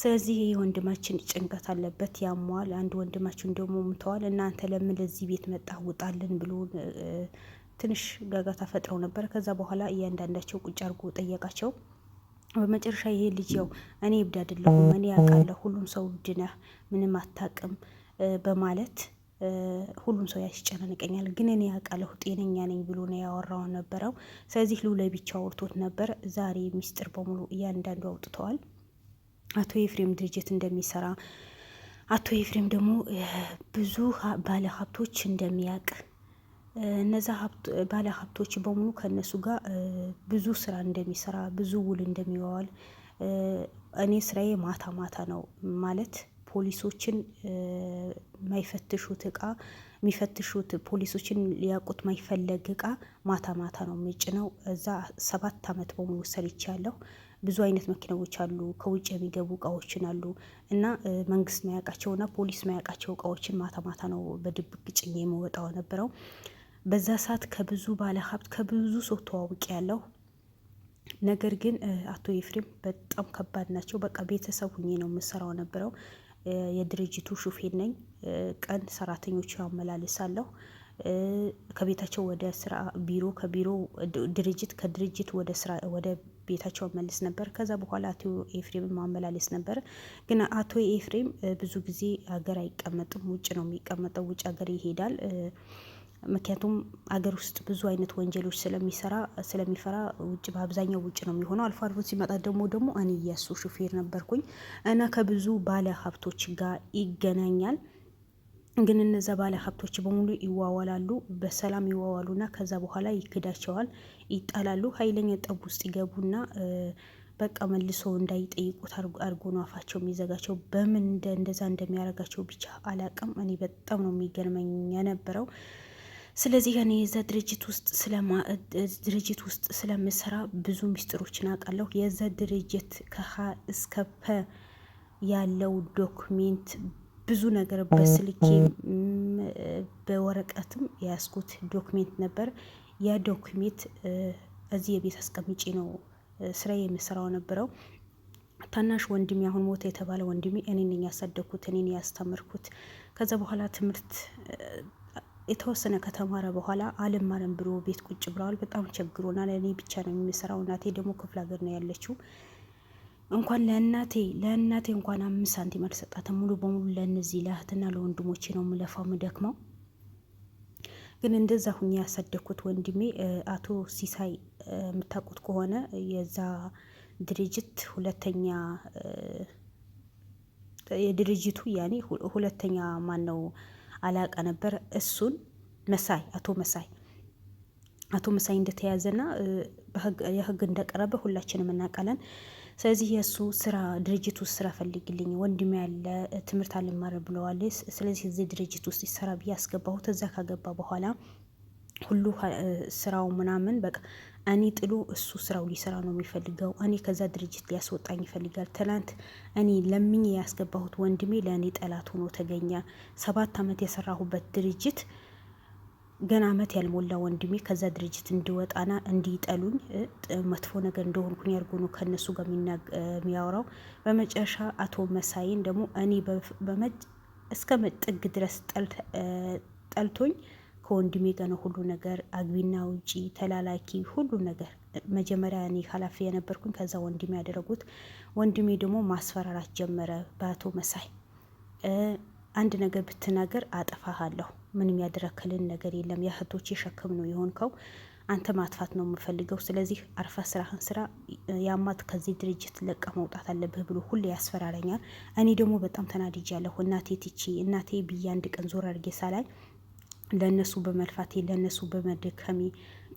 ስለዚህ ይህ ወንድማችን ጭንቀት አለበት፣ ያሟል። አንድ ወንድማችን ደግሞ ሙተዋል። እናንተ ለምን ለዚህ ቤት መጣ ውጣልን ብሎ ትንሽ ጋጋታ ፈጥረው ነበር። ከዛ በኋላ እያንዳንዳቸው ቁጭ አድርጎ ጠየቃቸው። በመጨረሻ ይሄ ልጅ ያው እኔ እብድ አይደለሁም እኔ ያውቃለሁ ሁሉም ሰው እብድ ነህ ምንም አታውቅም በማለት ሁሉም ሰው ያስጨናንቀኛል፣ ግን እኔ ያውቃለሁ ጤነኛ ነኝ ብሎ ነው ያወራው ነበረው። ስለዚህ ሉላ ብቻ አውርቶት ነበር። ዛሬ ሚስጥር በሙሉ እያንዳንዱ አውጥተዋል። አቶ ኤፍሬም ድርጅት እንደሚሰራ አቶ ኤፍሬም ደግሞ ብዙ ባለ ሀብቶች እንደሚያውቅ እነዛ ባለ ሀብቶች በሙሉ ከእነሱ ጋር ብዙ ስራ እንደሚሰራ ብዙ ውል እንደሚዋዋል እኔ ስራዬ ማታ ማታ ነው ማለት ፖሊሶችን የማይፈትሹት እቃ የሚፈትሹት ፖሊሶችን ሊያውቁት ማይፈለግ እቃ ማታ ማታ ነው ምጭ ነው። እዛ ሰባት አመት በሙሉ ሰርቻለሁ። ብዙ አይነት መኪናዎች አሉ፣ ከውጭ የሚገቡ እቃዎችን አሉ እና መንግስት ማያውቃቸውና ፖሊስ ማያውቃቸው እቃዎችን ማታ ማታ ነው በድብቅ ጭኜ የመወጣው ነበረው። በዛ ሰዓት ከብዙ ባለ ሀብት ከብዙ ሰው ተዋውቅ ያለው ነገር ግን አቶ ኤፍሬም በጣም ከባድ ናቸው። በቃ ቤተሰብ ሁኜ ነው የምሰራው ነበረው። የድርጅቱ ሹፌር ነኝ። ቀን ሰራተኞቹ ያመላልሳለሁ ከቤታቸው ወደ ስራ ቢሮ፣ ከቢሮ ድርጅት፣ ከድርጅት ወደ ስራ ወደ ቤታቸውን መልስ ነበር። ከዛ በኋላ አቶ ኤፍሬም ማመላለስ ነበር። ግን አቶ ኤፍሬም ብዙ ጊዜ ሀገር አይቀመጥም፣ ውጭ ነው የሚቀመጠው፣ ውጭ ሀገር ይሄዳል። ምክንያቱም አገር ውስጥ ብዙ አይነት ወንጀሎች ስለሚሰራ ስለሚፈራ ውጭ በአብዛኛው ውጭ ነው የሚሆነው። አልፎ አልፎ ሲመጣ ደግሞ ደግሞ እኔ እያሱ ሹፌር ነበርኩኝ እና ከብዙ ባለ ሀብቶች ጋር ይገናኛል። ግን እነዛ ባለ ሀብቶች በሙሉ ይዋዋላሉ፣ በሰላም ይዋዋሉና ከዛ በኋላ ይክዳቸዋል፣ ይጣላሉ። ኃይለኛ ጠብ ውስጥ ይገቡና በቃ መልሶ እንዳይጠይቁት አድርጎ ነው አፋቸው የሚዘጋቸው። በምን እንደዛ እንደሚያደርጋቸው ብቻ አላቅም። እኔ በጣም ነው የሚገርመኝ የነበረው። ስለዚህ እኔ የዛ ድርጅት ውስጥ ድርጅት ውስጥ ስለምሰራ ብዙ ሚስጥሮችን አውቃለሁ። የዛ ድርጅት ከሀ እስከ ፐ ያለው ዶክሜንት ብዙ ነገር በስልኬ በወረቀትም የያዝኩት ዶክሜንት ነበር። ያ ዶክሜንት እዚህ የቤት አስቀምጪ ነው ስራ የምሰራው ነበረው። ታናሽ ወንድሜ አሁን ሞተ የተባለ ወንድሜ እኔን ያሳደግኩት እኔን ያስተምርኩት። ከዛ በኋላ ትምህርት የተወሰነ ከተማረ በኋላ አልማርም ብሎ ቤት ቁጭ ብለዋል። በጣም ቸግሮናል። እኔ ብቻ ነው የሚሰራው፣ እናቴ ደግሞ ክፍለ ሀገር ነው ያለችው። እንኳን ለእናቴ ለእናቴ እንኳን አምስት ሳንቲም አልሰጣትም። ሙሉ በሙሉ ለእነዚህ ለእህትና ለወንድሞቼ ነው ምለፋው ምደክመው። ግን እንደዛ ሁኜ ያሳደግኩት ወንድሜ አቶ ሲሳይ የምታውቁት ከሆነ የዛ ድርጅት ሁለተኛ የድርጅቱ ያኔ ሁለተኛ ማን ነው አላቃ ነበር። እሱን መሳይ አቶ መሳይ አቶ መሳይ እንደተያዘና የህግ እንደቀረበ ሁላችንም እናውቃለን። ስለዚህ የእሱ ስራ ድርጅት ውስጥ ስራ ፈልግልኝ ወንድሜ ያለ ትምህርት አልማር ብለዋል። ስለዚህ እዚህ ድርጅት ውስጥ ይሰራ ብዬ አስገባሁት። እዛ ካገባ በኋላ ሁሉ ስራው ምናምን በቃ እኔ ጥሉ እሱ ስራው ሊሰራ ነው የሚፈልገው። እኔ ከዛ ድርጅት ሊያስወጣኝ ይፈልጋል። ትላንት እኔ ለምኝ ያስገባሁት ወንድሜ ለእኔ ጠላት ሆኖ ተገኘ። ሰባት አመት የሰራሁበት ድርጅት ገና አመት ያልሞላ ወንድሜ ከዛ ድርጅት እንዲወጣና እንዲጠሉኝ መጥፎ ነገር እንደሆንኩኝ ያርጎ ነው ከእነሱ ጋር የሚያወራው። በመጨረሻ አቶ መሳይን ደግሞ እኔ እስከ መጠግ ድረስ ጠልቶኝ ከወንድሜ ጋር ነው ሁሉ ነገር አግቢና ውጪ ተላላኪ ሁሉ ነገር መጀመሪያ እኔ ኃላፊ የነበርኩኝ ከዛ ወንድሜ ያደረጉት። ወንድሜ ደግሞ ማስፈራራት ጀመረ በአቶ መሳይ አንድ ነገር ብትናገር አጠፋሃለሁ ምንም ያደረክልን ነገር የለም። የእህቶች የሸክም ነው የሆንከው አንተ ማጥፋት ነው የምፈልገው። ስለዚህ አርፈ ስራህን ስራ። ያማት ከዚህ ድርጅት ለቀ መውጣት አለብህ ብሎ ሁሌ ያስፈራረኛል። እኔ ደግሞ በጣም ተናድጃለሁ። እናቴ ትቼ እናቴ ብዬ አንድ ቀን ዞር አድርጌ ሳላይ ለእነሱ በመልፋቴ ለእነሱ በመደከሜ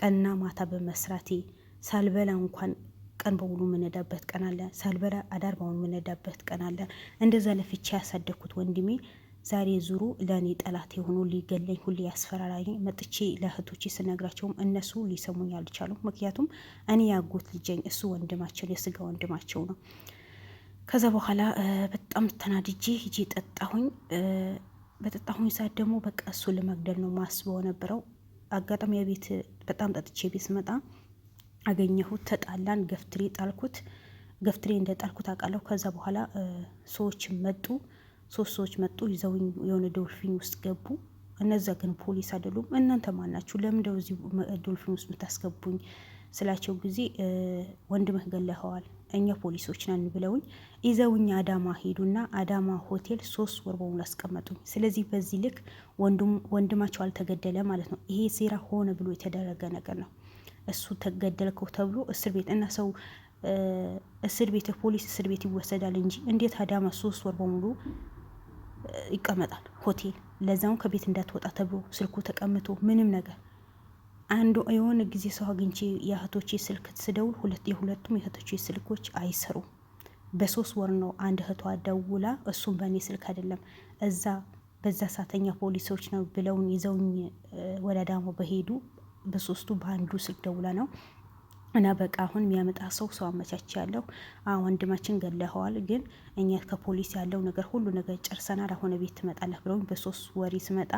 ቀንና ማታ በመስራቴ ሳልበላ እንኳን ቀን በሙሉ የምነዳበት ቀን አለ። ሳልበላ አዳር በሙሉ የምነዳበት ቀን አለ። እንደዛ ለፍቼ ያሳደግኩት ወንድሜ ዛሬ ዙሩ ለእኔ ጠላት የሆኑ ሊገለኝ ሁሌ ያስፈራራኝ መጥቼ ለእህቶቼ ስነግራቸውም እነሱ ሊሰሙኝ አልቻሉም። ምክንያቱም እኔ ያጎት ልጀኝ እሱ ወንድማቸው የስጋ ወንድማቸው ነው። ከዛ በኋላ በጣም ተናድጄ ሂጄ ጠጣሁኝ። በጠጣሁኝ ሰዓት ደግሞ በቃ እሱ ለመግደል ነው ማስበው ነበረው። አጋጣሚ የቤት በጣም ጠጥቼ ቤት ስመጣ አገኘሁት። ተጣላን። ገፍትሬ ጣልኩት። ገፍትሬ እንደ ጣልኩት አውቃለሁ። ከዛ በኋላ ሰዎች መጡ። ሶስት ሰዎች መጡ ይዘውኝ የሆነ ዶልፊን ውስጥ ገቡ። እነዛ ግን ፖሊስ አይደሉም። እናንተ ማናችሁ? ናችሁ? ለምንደው እዚህ ዶልፊን ውስጥ የምታስገቡኝ ስላቸው ጊዜ ወንድምህ ገለኸዋል፣ እኛ ፖሊሶች ነን ብለውኝ ይዘውኝ አዳማ ሄዱና አዳማ ሆቴል ሶስት ወር በሙሉ አስቀመጡኝ። ስለዚህ በዚህ ልክ ወንድማቸው አልተገደለ ማለት ነው። ይሄ ሴራ ሆነ ብሎ የተደረገ ነገር ነው። እሱ ተገደልከው ተብሎ እስር ቤት እና ሰው እስር ቤት ፖሊስ እስር ቤት ይወሰዳል እንጂ እንዴት አዳማ ሶስት ወር በሙሉ ይቀመጣል ሆቴል። ለዛውን ከቤት እንዳትወጣ ተብሎ ስልኩ ተቀምጦ ምንም ነገር አንዱ የሆነ ጊዜ ሰው አግኝቼ የእህቶቼ ስልክ ስደውል የሁለቱም የእህቶቼ ስልኮች አይሰሩም። በሶስት ወር ነው አንድ እህቷ ደውላ እሱም በእኔ ስልክ አይደለም እዛ በዛ ሳተኛ ፖሊሶች ነው ብለውን ይዘውኝ ወደ አዳማ በሄዱ በሶስቱ በአንዱ ስልክ ደውላ ነው እና በቃ አሁን የሚያመጣ ሰው ሰው አመቻች ያለው ወንድማችን ገለኸዋል፣ ግን እኛ ከፖሊስ ያለው ነገር ሁሉ ነገር ጨርሰናል። አሁን ቤት ትመጣለህ ብለውኝ በሶስት ወሬ ስመጣ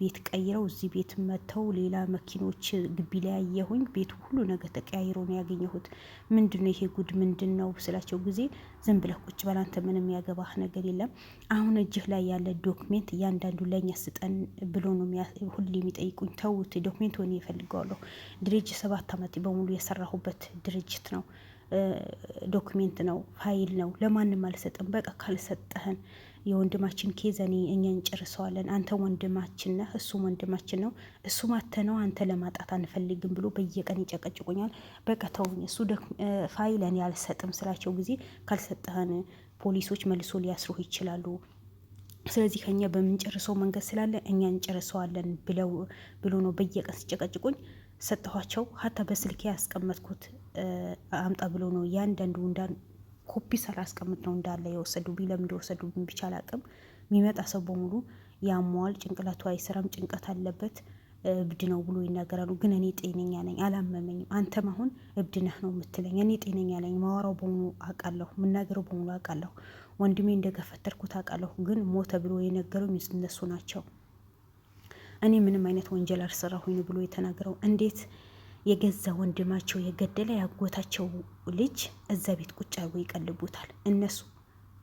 ቤት ቀይረው እዚህ ቤት መጥተው ሌላ መኪኖች ግቢ ላይ ያየሁኝ ቤቱ ሁሉ ነገር ተቀያይሮ ነው ያገኘሁት። ምንድን ነው ይሄ ጉድ ምንድን ነው ስላቸው ጊዜ ዝም ብለህ ቁጭ በል አንተ ምንም ያገባህ ነገር የለም። አሁን እጅህ ላይ ያለ ዶክሜንት እያንዳንዱ ለእኛ ስጠን ብሎ ነው ሁሉ የሚጠይቁኝ። ተውት ዶክሜንት ሆኔ ይፈልገዋለሁ። ድሬጅ ሰባት አመት በሙሉ የሰራሁ የሰራሁበት ድርጅት ነው፣ ዶክሜንት ነው፣ ፋይል ነው። ለማንም አልሰጥም። በቃ ካልሰጠህን የወንድማችን ኬዝ እኛ እንጨርሰዋለን። አንተ ወንድማችን ነህ፣ እሱም ወንድማችን ነው። እሱ ማተ ነው። አንተ ለማጣት አንፈልግም ብሎ በየቀን ይጨቀጭቁኛል። በቃ ተውኝ፣ እሱ ፋይል እኔ አልሰጥም ስላቸው ጊዜ ካልሰጠህን ፖሊሶች መልሶ ሊያስሩህ ይችላሉ። ስለዚህ ከኛ በምንጨርሰው መንገድ ስላለ እኛ እንጨርሰዋለን ብለው ብሎ ነው በየቀን ሲጨቀጭቁኝ ሰጠኋቸው። ሀታ በስልኬ ያስቀመጥኩት አምጣ ብሎ ነው ያንዳንዱ እንዳን ኮፒ ሳላስቀምጥ ነው እንዳለ የወሰዱብኝ። ለምን እንደወሰዱብኝ ቢቻል አቅም የሚመጣ ሰው በሙሉ ያሟዋል፣ ጭንቅላቱ አይሰራም፣ ጭንቀት አለበት፣ እብድ ነው ብሎ ይናገራሉ። ግን እኔ ጤነኛ ነኝ፣ አላመመኝም። አንተም አሁን እብድ ነህ ነው የምትለኝ። እኔ ጤነኛ ነኝ። ማወራው በሙሉ አውቃለሁ፣ የምናገረው በሙሉ አውቃለሁ። ወንድሜ እንደገፈተርኩት አውቃለሁ። ግን ሞተ ብሎ የነገሩኝ እነሱ ናቸው። እኔ ምንም አይነት ወንጀል አልሰራሁኝ ብሎ የተናገረው እንዴት የገዛ ወንድማቸው የገደለ ያጎታቸው ልጅ እዛ ቤት ቁጭ አድርጎ ይቀልቡታል። እነሱ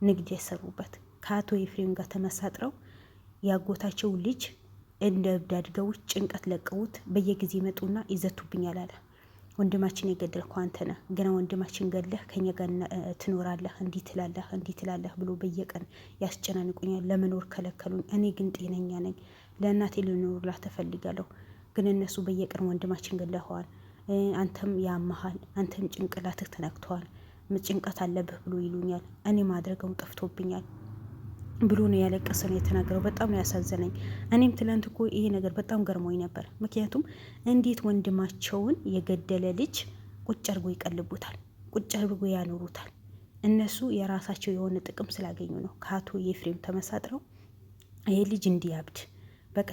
ንግድ የሰሩበት ከአቶ ኤፍሬም ጋር ተመሳጥረው ያጎታቸው ልጅ እንደ እብድ አድገውት ጭንቀት ለቀውት በየጊዜ ይመጡና ይዘቱብኛል አለ። ወንድማችን የገደልከው አንተ ነህ፣ ገና ወንድማችን ገለህ ከኛ ጋር ትኖራለህ፣ እንዲህ ትላለህ፣ እንዲህ ትላለህ ብሎ በየቀን ያስጨናንቁኛል። ለመኖር ከለከሉኝ። እኔ ግን ጤነኛ ነኝ። ለእናቴ ልኖርላት ተፈልጋለሁ። ግን እነሱ በየቀን ወንድማችን ገለኸዋል፣ አንተም ያመሃል፣ አንተም ጭንቅላትህ ተነክተዋል ጭንቀት አለብህ ብሎ ይሉኛል። እኔ ማድረገውን ጠፍቶብኛል ብሎ ነው ያለቀሰ ነው የተናገረው። በጣም ነው ያሳዘነኝ። እኔም ትላንት እኮ ይሄ ነገር በጣም ገርሞኝ ነበር። ምክንያቱም እንዴት ወንድማቸውን የገደለ ልጅ ቁጭ አድርጎ ይቀልቡታል፣ ቁጭ አድርጎ ያኖሩታል። እነሱ የራሳቸው የሆነ ጥቅም ስላገኙ ነው ከአቶ የፍሬም ተመሳጥረው ይሄ ልጅ እንዲያብድ በቃ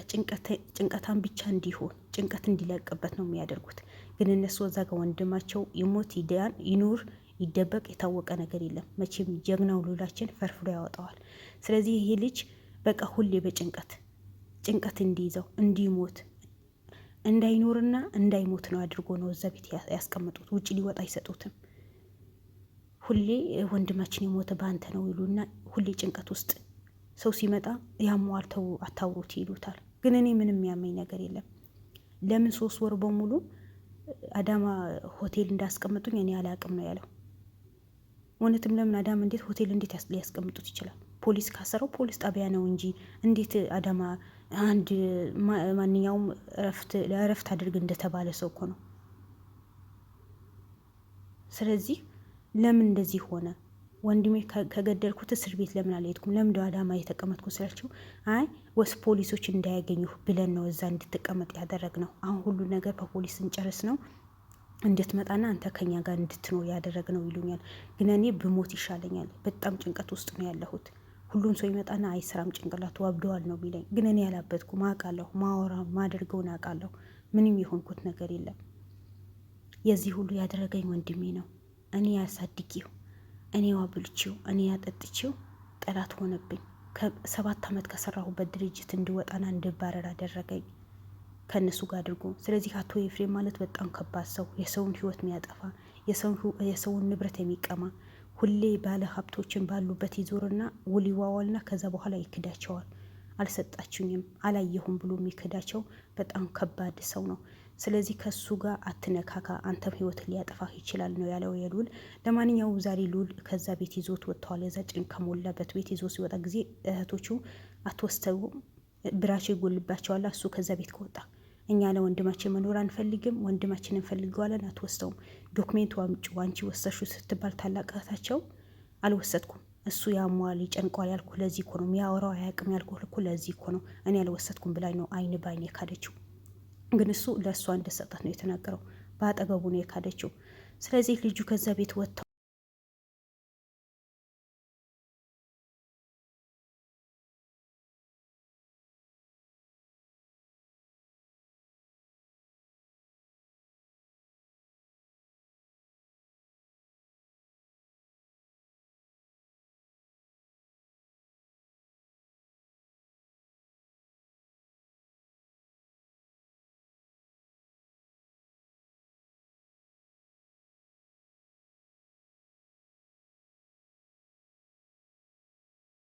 ጭንቀታን ብቻ እንዲሆን ጭንቀት እንዲለቅበት ነው የሚያደርጉት። ግን እነሱ እዛ ጋር ወንድማቸው ይሞት ይዳን ይኑር ይደበቅ የታወቀ ነገር የለም። መቼም ጀግናው ሉላችን ፈርፍሮ ያወጣዋል። ስለዚህ ይሄ ልጅ በቃ ሁሌ በጭንቀት ጭንቀት እንዲይዘው እንዲሞት እንዳይኖርና እንዳይሞት ነው አድርጎ ነው እዛ ቤት ያስቀምጡት። ውጭ ሊወጣ አይሰጡትም። ሁሌ ወንድማችን የሞተ በአንተ ነው ይሉና ሁሌ ጭንቀት ውስጥ ሰው ሲመጣ ያመዋል፣ ተው አታውሩት ይሉታል። ግን እኔ ምንም ያመኝ ነገር የለም። ለምን ሶስት ወር በሙሉ አዳማ ሆቴል እንዳስቀምጡኝ እኔ አላቅም ነው ያለው። እውነትም ለምን አዳማ እንዴት ሆቴል እንዴት ሊያስቀምጡት ይችላል? ፖሊስ ካሰረው ፖሊስ ጣቢያ ነው እንጂ እንዴት አዳማ አንድ ማንኛውም እረፍት አድርግ እንደተባለ ሰው እኮ ነው። ስለዚህ ለምን እንደዚህ ሆነ? ወንድሜ ከገደልኩት እስር ቤት ለምን አልሄድኩም? ለምን ደ አዳማ እየተቀመጥኩ ስላቸው፣ አይ ወስ ፖሊሶች እንዳያገኙ ብለን ነው እዛ እንድትቀመጥ ያደረግ ነው። አሁን ሁሉ ነገር በፖሊስ እንጨርስ ነው እንድትመጣና አንተ ከኛ ጋር እንድትኖር ያደረግ ነው ይሉኛል። ግን እኔ ብሞት ይሻለኛል። በጣም ጭንቀት ውስጥ ነው ያለሁት። ሁሉም ሰው ይመጣና አይ ስራም ጭንቅላቱ አብደዋል ነው ቢለኝ፣ ግን እኔ ያላበትኩም አውቃለሁ። ማወራ ማደርገውን አውቃለሁ። ምንም የሆንኩት ነገር የለም። የዚህ ሁሉ ያደረገኝ ወንድሜ ነው። እኔ ያሳድጊው እኔ ዋብልቼው እኔ ያጠጥቼው ጠላት ሆነብኝ። ሰባት ዓመት ከሰራሁበት ድርጅት እንድወጣና እንድባረር አደረገኝ ከእነሱ ጋር አድርጎ። ስለዚህ አቶ ኤፍሬም ማለት በጣም ከባድ ሰው፣ የሰውን ህይወት የሚያጠፋ የሰውን ንብረት የሚቀማ ሁሌ ባለ ሀብቶችን ባሉበት ይዞርና ውል ይዋዋልና ከዛ በኋላ ይክዳቸዋል። አልሰጣችሁኝም አላየሁም ብሎ የሚክዳቸው በጣም ከባድ ሰው ነው። ስለዚህ ከሱ ጋር አትነካካ፣ አንተም ህይወት ሊያጠፋህ ይችላል ነው ያለው የሉል። ለማንኛውም ዛሬ ሉል ከዛ ቤት ይዞት ወጥተዋል። የዛ ጭን ከሞላበት ቤት ይዞ ሲወጣ ጊዜ እህቶቹ አትወስተው ብራቸው ይጎልባቸዋል። እሱ ከዛ ቤት ከወጣ እኛ ለወንድማችን መኖር አንፈልግም፣ ወንድማችን እንፈልገዋለን፣ አትወስተውም፣ ዶክሜንቱ አምጪ አንቺ ወሰሹ ስትባል ታላቅ እህታቸው አልወሰድኩም እሱ ያሟል ይጨንቋል ያልኩ ለዚህ እኮ ነው። የሚያወራው አያውቅም ያልኩ ለዚህ እኮ ነው እኔ አልወሰድኩም ብላኝ ነው አይን ባይን የካደችው። ግን እሱ ለእሷ እንደሰጣት ነው የተናገረው። በአጠገቡ ነው የካደችው። ስለዚህ ልጁ ከዛ ቤት ወጥተው